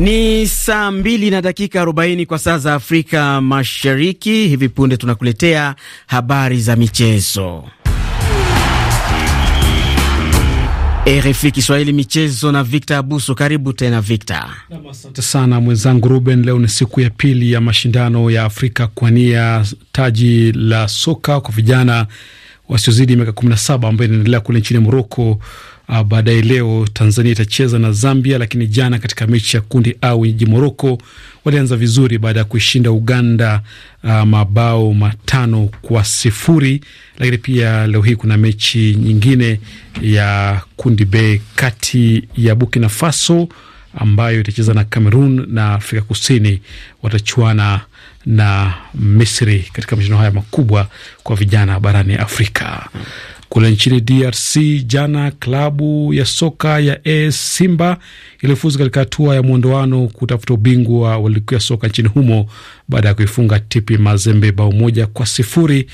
Ni saa mbili na dakika arobaini kwa saa za Afrika Mashariki. Hivi punde tunakuletea habari za michezo. RFI Kiswahili michezo na Victor Abuso. Karibu tena Victor. Asante sana mwenzangu Ruben. Leo ni siku ya pili ya mashindano ya Afrika kuania taji la soka kwa vijana wasiozidi miaka 17 ambayo inaendelea kule nchini Moroko Uh, baadaye leo Tanzania itacheza na Zambia, lakini jana katika mechi ya kundi A wenyeji Moroko walianza vizuri baada ya kuishinda Uganda uh, mabao matano kwa sifuri. Lakini pia leo hii kuna mechi nyingine ya kundi B kati ya Burkina Faso ambayo itacheza na Cameroon na Afrika Kusini watachuana na Misri katika mashindano haya makubwa kwa vijana barani Afrika. Kule nchini DRC jana, klabu ya soka ya AS Simba ilifuzu katika hatua ya mwondoano kutafuta ubingwa wa ligi ya soka nchini humo baada ya kuifunga TP Mazembe bao moja kwa sifuri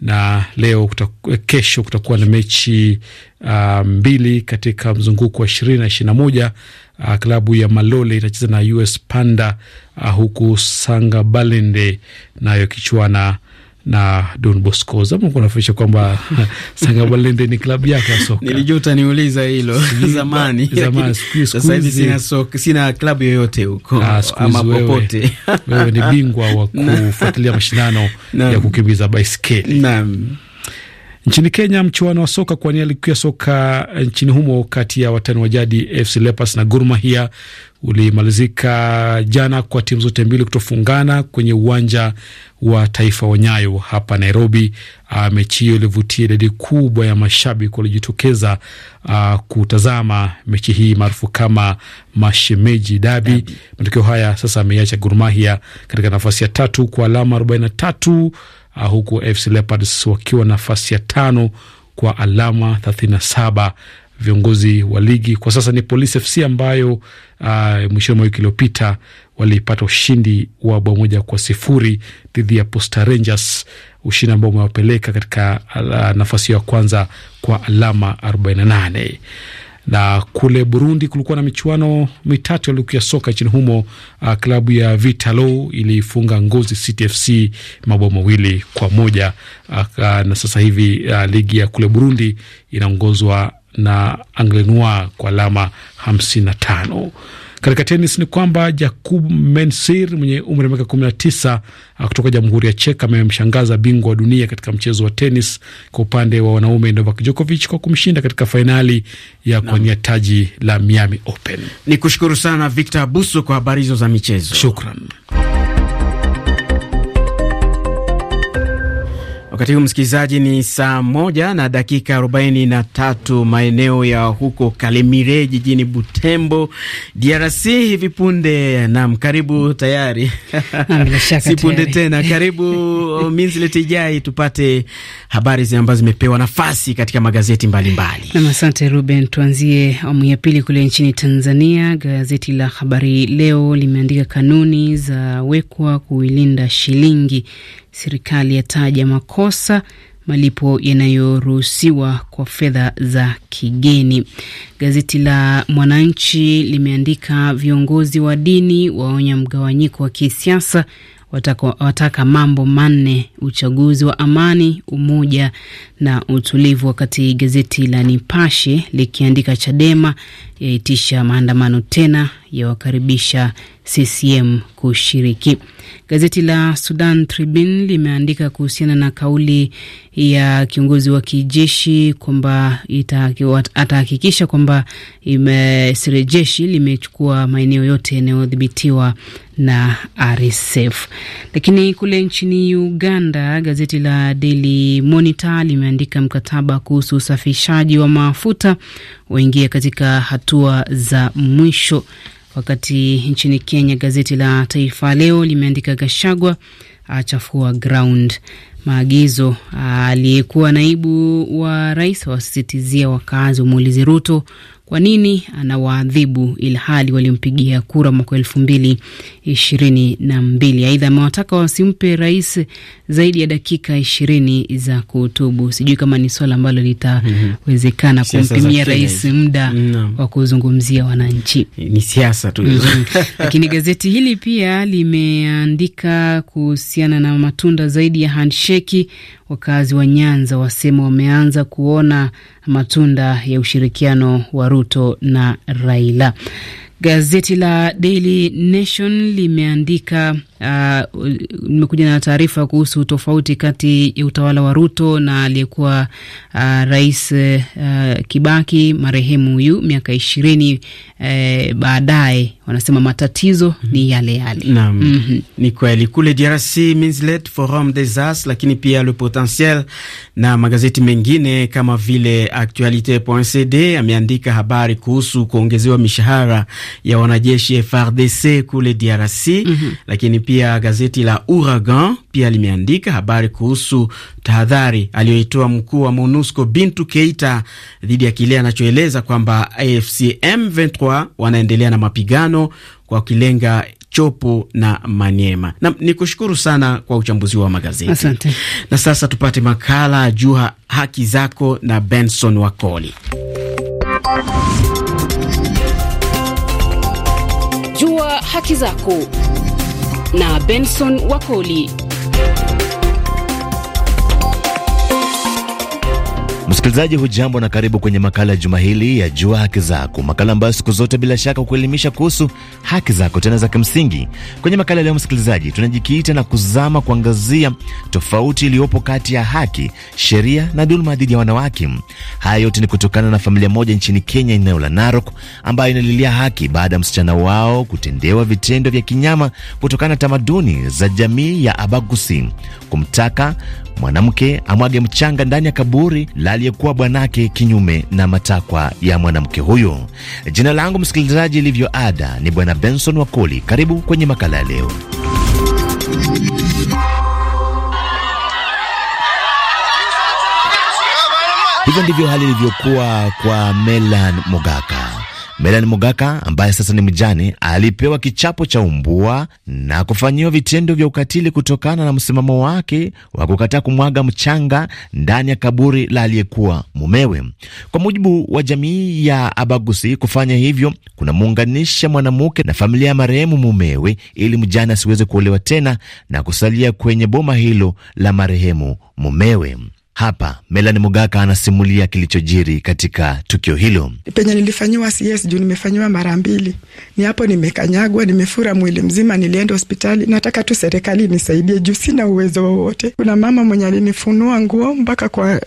na leo kutaku, kesho kutakuwa na mechi uh, mbili katika mzunguko wa ishirini na ishirini na moja. Uh, klabu ya Malole itacheza na US Panda uh, huku Sanga Balende nayo ikichuana na Don Bosco. Zamani kunaficha kwamba Sangabalende ni klabu yake ya soka. Nilijua utaniuliza hilo zamani. Zamani sasa hivi sina soka, sina klabu yoyote huko ah, ama popote. Wewe ni bingwa wa kufuatilia mashindano ya kukimbiza baiskeli. Naam. Nchini Kenya, mchuano wa soka kuwania ligi ya soka eh, nchini humo kati ya watani wa jadi FC Leopards na Gor Mahia ulimalizika jana kwa timu zote mbili kutofungana kwenye uwanja wa taifa wa Nyayo hapa Nairobi. Ah, mechi hiyo ilivutia idadi kubwa ya mashabiki waliojitokeza ah, kutazama mechi hii maarufu kama mashemeji dabi. Matokeo haya sasa ameiacha Gor Mahia katika nafasi ya tatu kwa alama 43 Ah, huku FC Leopards wakiwa nafasi ya tano kwa alama 37. Viongozi wa ligi kwa sasa ni Police FC ambayo uh, mwishoni mwa wiki iliyopita walipata ushindi wa bao moja kwa sifuri dhidi ya Posta Rangers, ushindi ambao umewapeleka katika uh, nafasi ya kwanza kwa alama 48. Na kule Burundi kulikuwa na michuano mitatu ya ligi ya soka nchini humo. Uh, klabu ya Vitalo ilifunga Ngozi City FC mabao mawili kwa moja. Uh, uh, na sasa hivi uh, ligi ya kule Burundi inaongozwa na anglenoi kwa alama hamsini na tano. Katika tenis ni kwamba Jakub Mensir mwenye umri wa miaka 19 ah, kutoka Jamhuri ya Cheka amemshangaza bingwa wa dunia katika mchezo wa tenis kwa upande wa wanaume Novak Djokovic kwa kumshinda katika fainali ya kuwania taji la Miami Open. Ni kushukuru sana Victor abuso kwa habari hizo za michezo, shukran. Wakati huu msikilizaji, ni saa moja na dakika arobaini na tatu maeneo ya huko Kalemire jijini Butembo, DRC. Hivi punde nam, karibu tayari ah, si punde tena, karibu Minletijai, tupate habari zi ambazo zimepewa nafasi katika magazeti mbalimbali. Nam, asante Ruben. Tuanzie awamu ya pili kule nchini Tanzania. Gazeti la Habari Leo limeandika kanuni za wekwa kuilinda shilingi serikali yataja makosa malipo yanayoruhusiwa kwa fedha za kigeni. Gazeti la Mwananchi limeandika viongozi wa dini waonya mgawanyiko wa kisiasa, wataka, wataka mambo manne: uchaguzi wa amani, umoja na utulivu. Wakati gazeti la Nipashe likiandika Chadema yaitisha maandamano tena yawakaribisha CCM kushiriki. Gazeti la Sudan Tribune limeandika kuhusiana na kauli ya kiongozi wa kijeshi kwamba atahakikisha kwamba jeshi limechukua maeneo yote yanayodhibitiwa na RSF. Lakini kule nchini Uganda, gazeti la Daily Monitor limeandika mkataba kuhusu usafishaji wa mafuta waingia katika hatua za mwisho. Wakati nchini Kenya, gazeti la Taifa Leo limeandika Gashagwa achafua ground maagizo. Ah, aliyekuwa naibu wa rais wasisitizia wakazi umuulizi Ruto kwa nini anawaadhibu ilhali walimpigia kura mwaka elfu mbili ishirini na mbili? Aidha, amewataka wasimpe rais zaidi ya dakika ishirini za kuhutubu. Sijui kama ni swala ambalo litawezekana mm-hmm. kumpimia rais muda no. wa kuzungumzia wananchi, ni siasa tu mm-hmm. lakini gazeti hili pia limeandika kuhusiana na matunda zaidi ya handsheki Wakazi wa Nyanza wasema wameanza kuona matunda ya ushirikiano wa Ruto na Raila. Gazeti la Daily Nation limeandika Uh, nimekuja uh, na taarifa kuhusu tofauti kati ya utawala wa Ruto na aliyekuwa uh, rais uh, Kibaki marehemu huyu miaka ishirini uh, baadaye wanasema matatizo mm -hmm. ni yale yale. mm -hmm. ni kweli kule DRC Minslet Forum des As, lakini pia Le Potentiel na magazeti mengine kama vile Actualite.cd ameandika habari kuhusu kuongezewa mishahara ya wanajeshi FRDC kule DRC mm -hmm. lakini pia gazeti la uragan pia limeandika habari kuhusu tahadhari aliyoitoa mkuu wa MONUSCO Bintu Keita dhidi ya kile anachoeleza kwamba AFC M23 wanaendelea na mapigano kwa kilenga Chopo na manyema Na ni kushukuru sana kwa uchambuzi wa magazeti. Asante. Na sasa tupate makala Jua Haki Zako na Benson Wakoli. Jua Haki Zako na Benson Wakoli. Msikilizaji hujambo na karibu kwenye makala ya juma hili ya Jua Haki Zako, makala ambayo siku zote bila shaka kuelimisha kuhusu haki zako tena za kimsingi. Kwenye makala leo, msikilizaji, tunajikita na kuzama kuangazia tofauti iliyopo kati ya haki, sheria na dhuluma dhidi ya wanawake. Haya yote ni kutokana na familia moja nchini Kenya, eneo la Narok, ambayo inalilia haki baada ya msichana wao kutendewa vitendo vya kinyama kutokana na tamaduni za jamii ya Abagusi, kumtaka mwanamke amwage mchanga ndani ya kaburi la aliyekuwa bwanake kinyume na matakwa ya mwanamke huyo. Jina langu msikilizaji, ilivyo ada, ni Bwana Benson Wakoli. Karibu kwenye makala ya leo. Hivyo ndivyo hali ilivyokuwa kwa Melan Mogaka Melan Mugaka ambaye sasa ni mjane alipewa kichapo cha umbua na kufanyiwa vitendo vya ukatili kutokana na msimamo wake wa kukataa kumwaga mchanga ndani ya kaburi la aliyekuwa mumewe. Kwa mujibu wa jamii ya Abagusi, kufanya hivyo kunamuunganisha mwanamke na familia ya marehemu mumewe, ili mjane asiweze kuolewa tena na kusalia kwenye boma hilo la marehemu mumewe. Hapa Melani Mugaka anasimulia kilichojiri katika tukio hilo. Penye nilifanyiwa CS juu nimefanyiwa mara mbili, ni hapo nimekanyagwa, nimefura mwili mzima, nilienda hospitali. Nataka tu serikali nisaidie juu sina uwezo wowote. Kuna mama mwenye alinifunua nguo mpaka kwa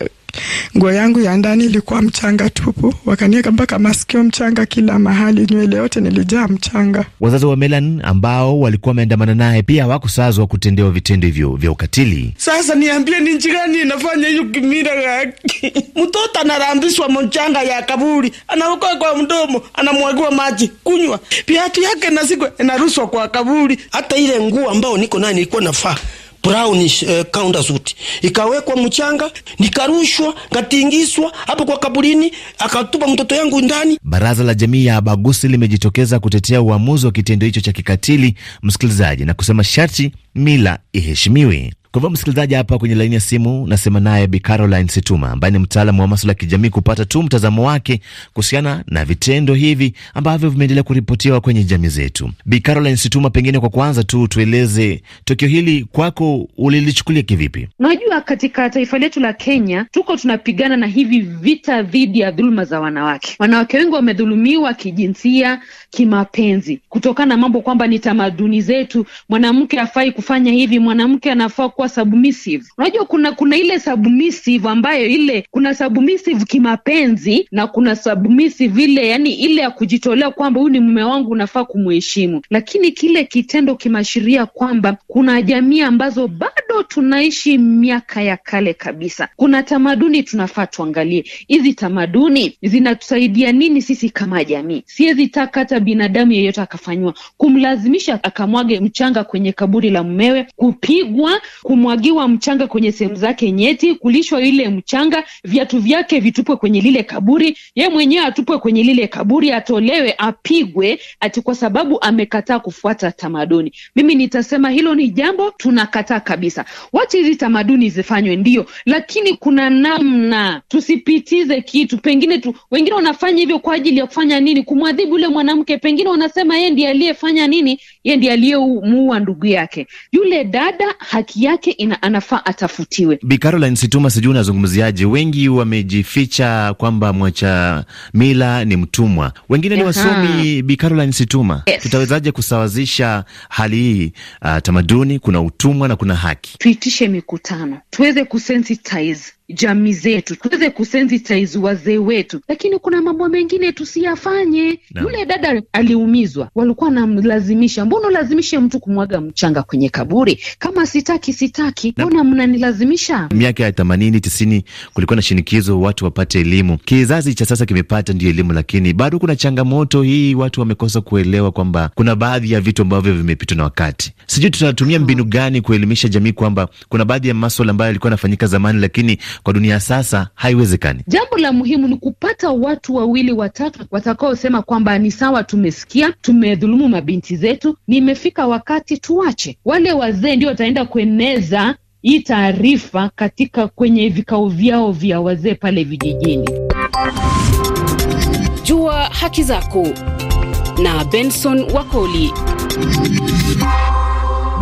Nguo yangu ya ndani ilikuwa mchanga tupu, wakanieka mpaka masikio mchanga kila mahali, nywele yote nilijaa mchanga. Wazazi wa Melan ambao walikuwa wameandamana naye pia hawakusazwa kutendewa vitendo hivyo vya ukatili. Sasa niambie, ni nchi gani inafanya hiyo kimira yake? Mtoto anarambishwa mchanga ya kaburi, anaokoa kwa mdomo, anamwagiwa maji kunywa, viatu yake nasikwa, inaruswa kwa kaburi. Hata ile nguo ambao niko naye nilikuwa nafaa brownish eh, uh, counter suit ikawekwa mchanga, nikarushwa ngatingiswa hapo kwa kaburini, akatupa mtoto yangu ndani. Baraza la jamii ya Abagusi limejitokeza kutetea uamuzi wa kitendo hicho cha kikatili, msikilizaji, na kusema sharti mila iheshimiwe. Kwa hivyo msikilizaji, hapa kwenye laini ya simu nasema naye Bi Caroline Situma ambaye ni mtaalamu wa maswala ya kijamii, kupata tu mtazamo wake kuhusiana na vitendo hivi ambavyo vimeendelea kuripotiwa kwenye jamii zetu. Bi Caroline Situma, pengine kwa kwanza tu tueleze tukio hili kwako ulilichukulia kivipi? Unajua, katika taifa letu la Kenya tuko tunapigana na hivi vita dhidi ya dhuluma za wanawake. Wanawake wengi wamedhulumiwa kijinsia, kimapenzi kutokana na mambo kwamba ni tamaduni zetu, mwanamke afai kufanya hivi, mwanamke anafaa kuwa submissive. Unajua kuna kuna ile submissive ambayo ile kuna submissive kimapenzi na kuna submissive ile yani ile ya kujitolea kwamba huyu ni mume wangu unafaa kumheshimu, lakini kile kitendo kimeashiria kwamba kuna jamii ambazo bado tunaishi miaka ya kale kabisa. Kuna tamaduni tunafaa tuangalie, hizi tamaduni zinatusaidia nini sisi kama jamii? Siwezi taka hata binadamu yeyote akafanywa kumlazimisha akamwage mchanga kwenye kaburi la mumewe, kupigwa ku kumwagiwa mchanga kwenye sehemu zake nyeti, kulishwa ile mchanga, viatu vyake vitupwe kwenye lile kaburi, ye mwenyewe atupwe kwenye lile kaburi, atolewe, apigwe ati kwa sababu amekataa kufuata tamaduni. Mimi nitasema hilo ni jambo tunakataa kabisa. Wacha hizi tamaduni zifanywe, ndio, lakini kuna namna, tusipitize kitu. Pengine tu wengine wanafanya hivyo kwa ajili ya kufanya nini? Kumwadhibu yule mwanamke, pengine wanasema yeye ndiye aliyefanya nini, yeye ndiye aliyemuua ndugu yake. Yule dada haki yake yake ina, anafaa atafutiwe. Bi Caroline Situma, sijui unazungumziaje? Wengi wamejificha kwamba mwacha mila ni mtumwa, wengine ni wasomi. Bi Caroline Situma, yes. Tutawezaje kusawazisha hali hii? Uh, tamaduni kuna utumwa na kuna haki. Tuitishe mikutano tuweze kusensitize jamii zetu, tuweze kusensitize wazee wetu, lakini kuna mambo mengine tusiyafanye. Yule dada aliumizwa, walikuwa namlazimisha. Mbona ulazimishe mtu kumwaga mchanga kwenye kaburi? Kama sitaki sitaki, mbona mnanilazimisha? Miaka ya themanini tisini kulikuwa na shinikizo watu wapate elimu. Kizazi cha sasa kimepata ndio elimu, lakini bado kuna changamoto hii. Watu wamekosa kuelewa kwamba kuna baadhi ya vitu ambavyo vimepitwa na wakati. Sijui tunatumia mbinu gani kuelimisha jamii kwamba kuna baadhi ya maswala ambayo yalikuwa yanafanyika zamani, lakini kwa dunia sasa haiwezekani. Jambo la muhimu ni kupata watu wawili watatu watakaosema kwamba ni sawa, tumesikia, tumedhulumu mabinti zetu, nimefika wakati tuache. Wale wazee ndio wataenda kueneza hii taarifa katika kwenye vikao vyao vya wazee pale vijijini. Jua haki zako na Benson Wakoli.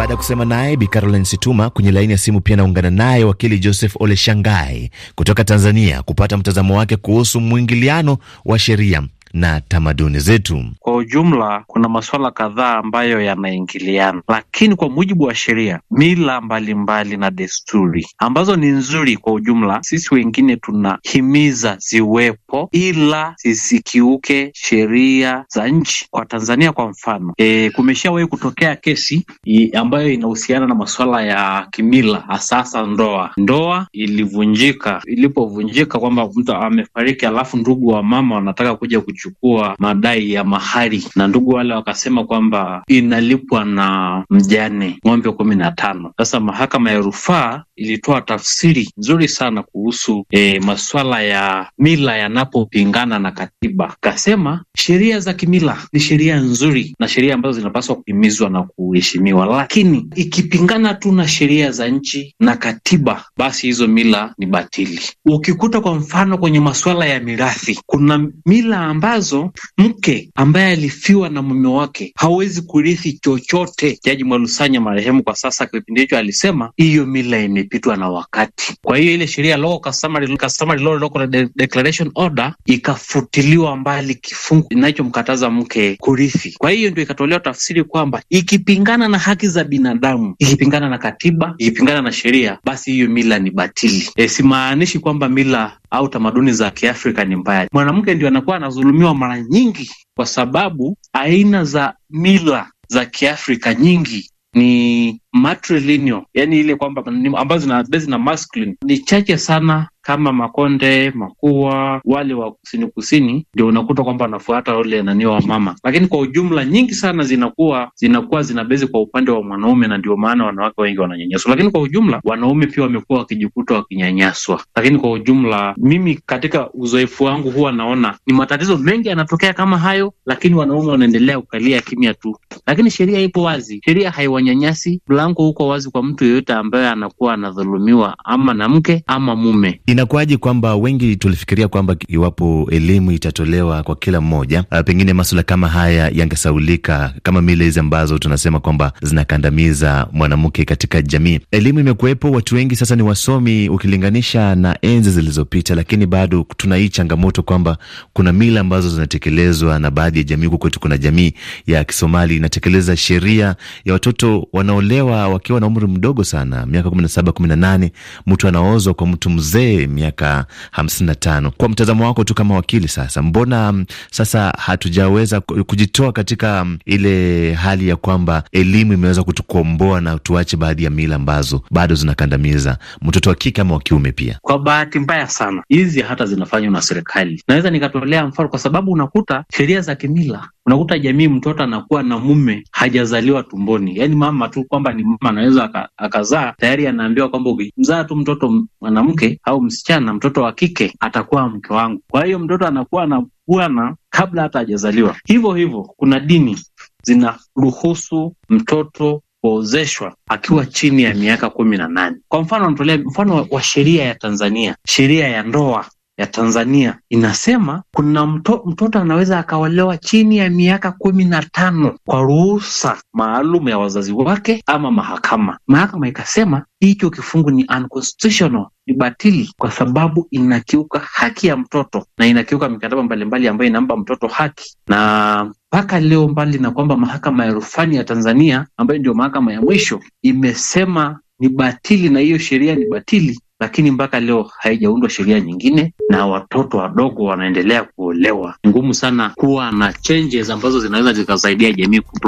Baada ya kusema naye Bi Caroline Situma kwenye laini ya simu, pia naungana naye wakili Joseph Ole Shangai kutoka Tanzania kupata mtazamo wake kuhusu mwingiliano wa sheria na tamaduni zetu kwa ujumla. Kuna masuala kadhaa ambayo yanaingiliana, lakini kwa mujibu wa sheria, mila mbalimbali mbali na desturi ambazo ni nzuri kwa ujumla, sisi wengine tunahimiza ziwepo, ila zisikiuke sheria za nchi. Kwa Tanzania kwa mfano, e, kumeshawahi kutokea kesi i, ambayo inahusiana na masuala ya kimila, hasasa ndoa. Ndoa ilivunjika, ilipovunjika kwamba mtu amefariki, alafu ndugu wa mama wanataka kuja kuchu kuchukua madai ya mahari, na ndugu wale wakasema kwamba inalipwa na mjane ng'ombe kumi na tano. Sasa mahakama ya rufaa ilitoa tafsiri nzuri sana kuhusu e, eh, masuala ya mila yanapopingana na katiba. Kasema sheria za kimila ni sheria nzuri na sheria ambazo zinapaswa kuhimizwa na kuheshimiwa, lakini ikipingana tu na sheria za nchi na katiba, basi hizo mila ni batili. Ukikuta kwa mfano kwenye masuala ya mirathi, kuna mila ambazo mke ambaye alifiwa na mume wake hawezi kurithi chochote. Jaji Mwalusanya marehemu kwa sasa, kipindi hicho, alisema hiyo mila ime ilipitwa na wakati. Kwa hiyo ile sheria local customary, customary law local de declaration order ikafutiliwa mbali kifungu inachomkataza mke kurithi. Kwa hiyo ndio ikatolewa tafsiri kwamba ikipingana na haki za binadamu, ikipingana na katiba, ikipingana na sheria, basi hiyo mila ni batili. E, simaanishi kwamba mila au tamaduni za Kiafrika ni mbaya. Mwanamke ndio anakuwa anadhulumiwa mara nyingi, kwa sababu aina za mila za Kiafrika nyingi ni matrilineal, yani ile kwamba ambazo zina base na masculine ni chache sana kama Makonde, Makua, wale wa kusini kusini, ndio unakuta kwamba wanafuata ule nani wa mama, lakini kwa ujumla nyingi sana zinakuwa zinakuwa zinabezi kwa upande wa mwanaume, na ndio maana wanawake wengi wananyanyaswa. Lakini kwa ujumla wanaume pia wamekuwa wakijikuta wakinyanyaswa, lakini kwa ujumla, mimi katika uzoefu wangu huwa naona ni matatizo mengi yanatokea kama hayo, lakini wanaume wanaendelea kukalia kimya tu. Lakini sheria ipo wazi, sheria haiwanyanyasi, mlango huko wazi kwa mtu yeyote ambaye anakuwa anadhulumiwa ama na mke ama mume. Inakuwaje kwamba wengi tulifikiria kwamba iwapo elimu itatolewa kwa kila mmoja, eh, pengine maswala kama haya yangesaulika, kama mila hizi ambazo tunasema kwamba zinakandamiza mwanamke katika jamii. Elimu imekuwepo, watu wengi sasa ni wasomi ukilinganisha na enzi zilizopita, lakini bado tuna hii changamoto kwamba kuna mila ambazo zinatekelezwa na baadhi ya jamii. kukwetu kwetu kuna jamii ya Kisomali inatekeleza sheria ya watoto wanaolewa wakiwa na umri mdogo sana, miaka kumi na saba, kumi na nane, mtu anaozwa kwa mtu mzee pekee miaka hamsini na tano. Kwa mtazamo wako tu kama wakili sasa, mbona mm, sasa hatujaweza kujitoa katika mm, ile hali ya kwamba elimu imeweza kutukomboa na tuache baadhi ya mila ambazo bado zinakandamiza mtoto wa kike ama wa kiume pia? Kwa bahati mbaya sana hizi hata zinafanywa na serikali. Naweza nikatolea mfano, kwa sababu unakuta sheria za kimila Unakuta jamii, mtoto anakuwa na mume hajazaliwa tumboni, yaani mama tu kwamba ni mama anaweza akazaa, tayari anaambiwa kwamba ukimzaa tu mtoto mwanamke au msichana, mtoto wa kike atakuwa mke wangu. Kwa hiyo mtoto anakuwa na bwana kabla hata hajazaliwa. Hivyo hivyo, kuna dini zinaruhusu mtoto kuozeshwa akiwa chini ya miaka kumi na nane. Kwa mfano, natolea mfano wa sheria ya Tanzania, sheria ya ndoa ya Tanzania inasema kuna mto, mtoto anaweza akaolewa chini ya miaka kumi na tano kwa ruhusa maalum ya wazazi wake ama mahakama. Mahakama ikasema hicho kifungu ni unconstitutional, ni batili kwa sababu inakiuka haki ya mtoto na inakiuka mikataba mbalimbali ambayo inampa mtoto haki na mpaka leo, mbali na kwamba mahakama ya rufani ya Tanzania ambayo ndio mahakama ya mwisho imesema ni batili na hiyo sheria ni batili, lakini mpaka leo haijaundwa sheria nyingine na watoto wadogo wanaendelea kuolewa. Ni ngumu sana kuwa na changes ambazo zinaweza zikasaidia jamii ku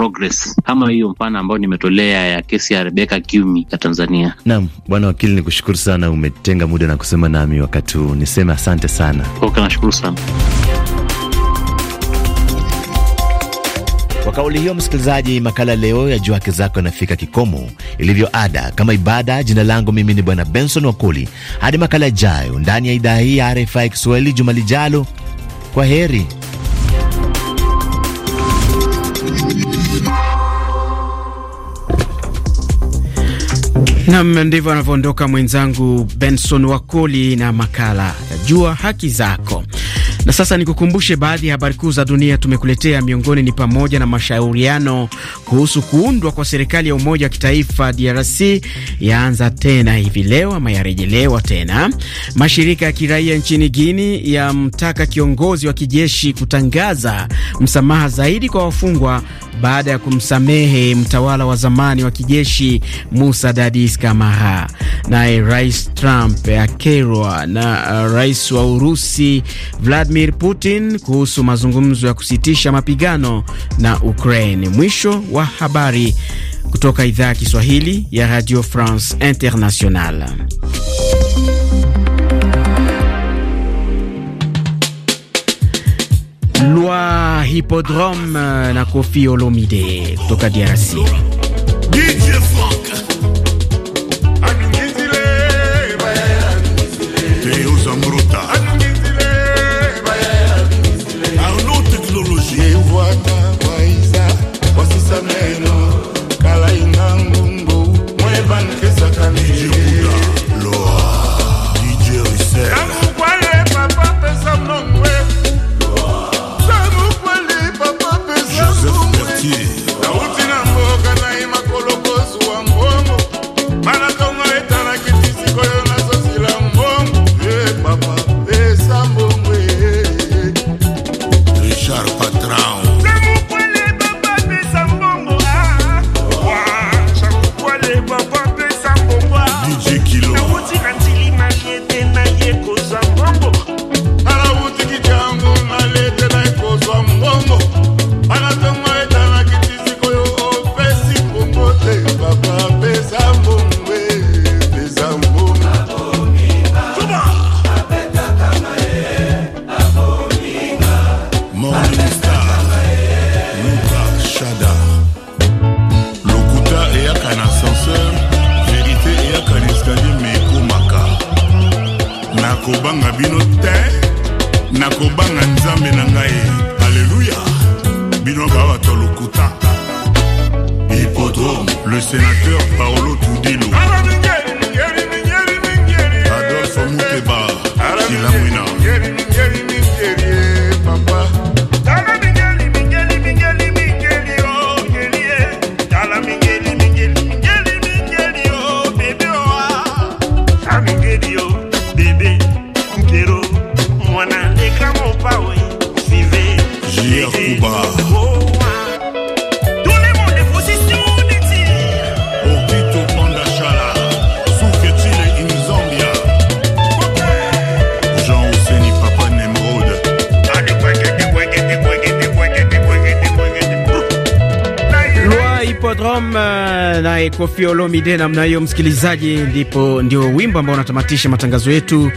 kama hiyo mfano ambayo nimetolea ya kesi ya rebeka Kiumi ya Tanzania. Naam, bwana wakili, ni kushukuru sana, umetenga muda na kusema nami wakati huu. Niseme asante sana. Okay, nashukuru sana. Kwa kauli hiyo, msikilizaji, makala leo ya Jua Haki Zako yanafika kikomo. Ilivyo ada, kama ibada, jina langu mimi ni Bwana Benson Wakoli. Hadi makala ijayo ndani ya idhaa hii ya RFI Kiswahili juma lijalo, kwa heri. Nam, ndivyo anavyoondoka mwenzangu Benson Wakoli na makala ya Jua Haki Zako. Na sasa nikukumbushe baadhi ya habari kuu za dunia tumekuletea. Miongoni ni pamoja na mashauriano kuhusu kuundwa kwa serikali ya umoja wa kitaifa DRC yaanza tena hivi leo ama yarejelewa tena. Mashirika ya kiraia nchini Guini yamtaka kiongozi wa kijeshi kutangaza msamaha zaidi kwa wafungwa baada ya kumsamehe mtawala wa zamani wa kijeshi Musa Dadis Kamara. Naye Rais Trump akerwa na uh, rais wa Urusi Vladimir Vladimir Putin kuhusu mazungumzo ya kusitisha mapigano na Ukraine. Mwisho wa habari kutoka idhaa ya Kiswahili ya Radio France Internationale. Lwa Hippodrome uh, na Kofi Olomide kutoka DRC. Yeah. Koffi Olomide namna hiyo, msikilizaji, ndipo ndio wimbo ambao unatamatisha matangazo yetu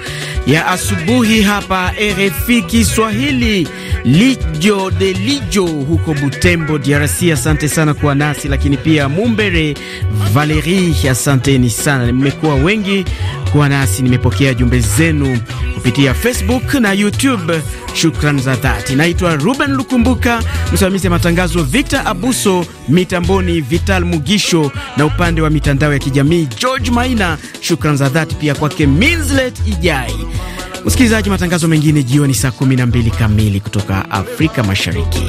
ya asubuhi hapa RFI Kiswahili. Lijo de Lijo huko Butembo, DRC, asante sana kuwa nasi, lakini pia Mumbere Valerie, asanteni sana, mmekuwa wengi kuwa nasi. Nimepokea jumbe zenu kupitia Facebook na YouTube, shukran za dhati. Naitwa Ruben Lukumbuka, msimamizi matangazo Victor Abuso, mitamboni Vital Mugisho na upande wa mitandao ya kijamii George Maina. shukran za dhati pia kwake Minslet Ijai. Msikilizaji, matangazo mengine jioni saa 12 kamili kutoka Afrika Mashariki.